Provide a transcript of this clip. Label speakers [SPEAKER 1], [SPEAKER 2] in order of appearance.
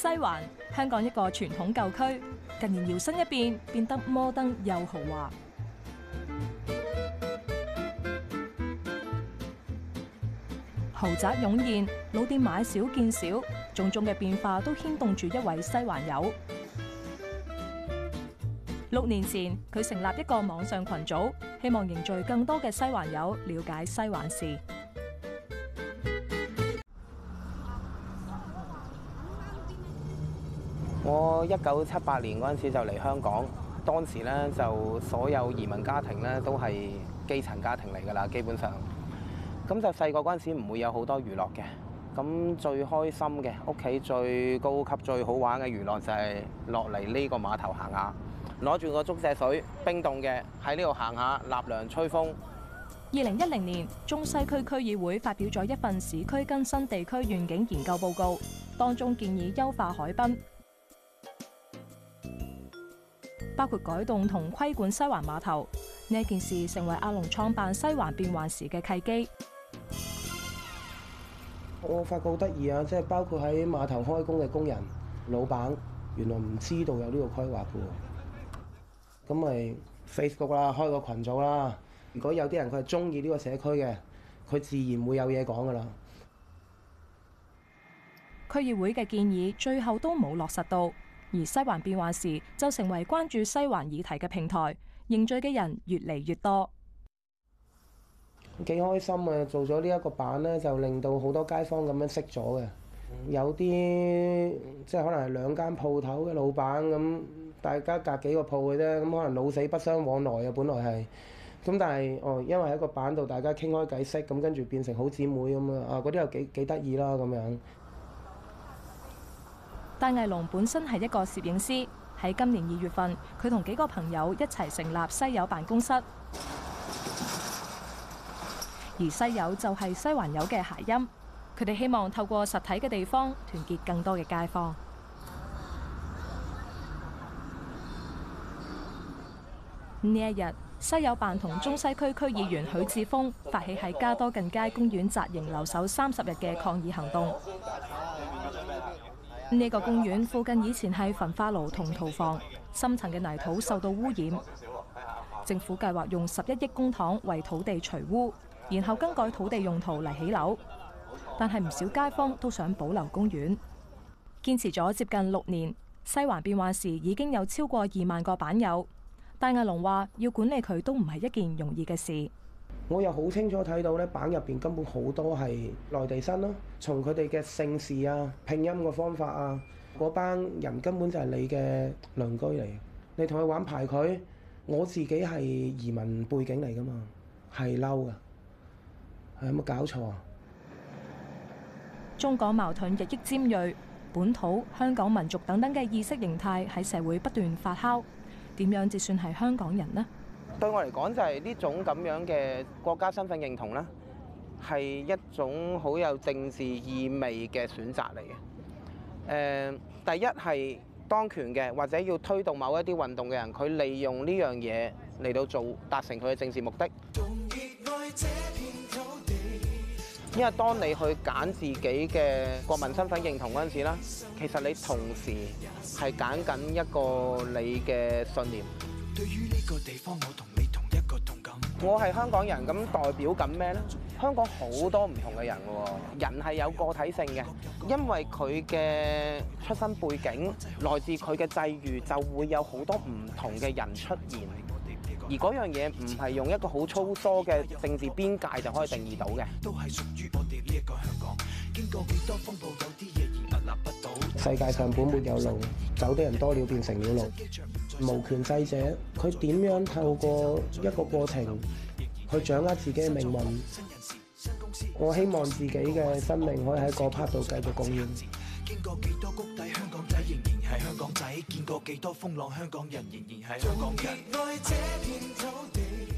[SPEAKER 1] 西環，香港一個傳統舊區，近年搖身一變，變得摩登又豪華，豪宅湧現，老店買少見少，種種嘅變化都牽動住一位西環友。六年前，佢成立一個網上群組，希望凝聚更多嘅西環友了解西環事。我
[SPEAKER 2] 一九七八年嗰陣時就嚟香港，當時咧就所有移民家庭咧都係基層家庭嚟㗎啦，基本上咁就細個嗰陣時唔會有好多娛樂嘅。咁最開心嘅屋企最高級最好玩嘅娛樂就係落嚟呢個碼頭行下，攞住個竹蔗水冰凍嘅喺呢度行下，立涼吹風。
[SPEAKER 1] 二零一零年，中西區區議會發表咗一份市區更新地區願景研究報告，當中建議優化海濱。包括改動同規管西環碼頭呢件事，成為阿龍創辦西環變幻時嘅契機。
[SPEAKER 2] 我發覺好得意啊，即係包括喺碼頭開工嘅工人、老闆，原來唔知道有呢個規劃嘅。咁咪 Facebook 啦，開個群組啦。如果有啲人佢係中意呢個社區嘅，佢自然會有嘢講噶啦。
[SPEAKER 1] 區議會嘅建議最後都冇落實到。而西環變幻時，就成為關注西環議題嘅平台，凝聚嘅人越嚟越多。
[SPEAKER 2] 幾開心啊！做咗呢一個版咧，就令到好多街坊咁樣識咗嘅。有啲即係可能係兩間鋪頭嘅老闆咁，大家隔幾個鋪嘅啫，咁可能老死不相往來嘅，本來係。咁但係哦，因為喺個版度大家傾開偈識，咁跟住變成好姐妹咁啊！啊，嗰啲又幾幾得意啦，咁樣。
[SPEAKER 1] 戴毅龍本身係一個攝影師，喺今年二月份，佢同幾個朋友一齊成立西柚辦公室。而西柚就係西環友嘅諧音，佢哋希望透過實體嘅地方，團結更多嘅街坊。呢一日，西柚辦同中西區區議員許智峰發起喺加多近街公園紮營留守三十日嘅抗議行動。呢個公園附近以前係焚化爐同屠房，深層嘅泥土受到污染。政府計劃用十一億公帑為土地除污，然後更改土地用途嚟起樓，但係唔少街坊都想保留公園，堅持咗接近六年。西環變幻時已經有超過二萬個板友，戴毅龍話要管理佢都唔係一件容易嘅事。
[SPEAKER 2] 我又好清楚睇到咧，版入邊根本好多係內地生咯、啊。從佢哋嘅姓氏啊、拼音嘅方法啊，嗰班人根本就係你嘅鄰居嚟。你同佢玩排佢我自己係移民背景嚟噶嘛，係嬲噶。係有冇搞錯啊？
[SPEAKER 1] 中港矛盾日益尖鋭，本土、香港民族等等嘅意識形態喺社會不斷發酵。點樣至算係香港人呢？
[SPEAKER 2] 對我嚟講，就係呢種咁樣嘅國家身份認同咧，係一種好有政治意味嘅選擇嚟嘅。誒，第一係當權嘅或者要推動某一啲運動嘅人，佢利用呢樣嘢嚟到做達成佢嘅政治目的。因為當你去揀自己嘅國民身份認同嗰陣時啦，其實你同時係揀緊一個你嘅信念。對於呢個地方，我同你同一個同感，我係香港人，咁代表緊咩咧？香港好多唔同嘅人喎，人係有個體性嘅，因為佢嘅出身背景、來自佢嘅際遇，就會有好多唔同嘅人出現。而嗰樣嘢唔係用一個好粗疏嘅政治邊界就可以定義到嘅。世界上本沒有路，走的人多了，變成了路。無權勢者，佢點樣透過一個過程去掌握自己嘅命運？我希望自己嘅生命可以喺嗰 part 度繼續
[SPEAKER 1] 貢獻。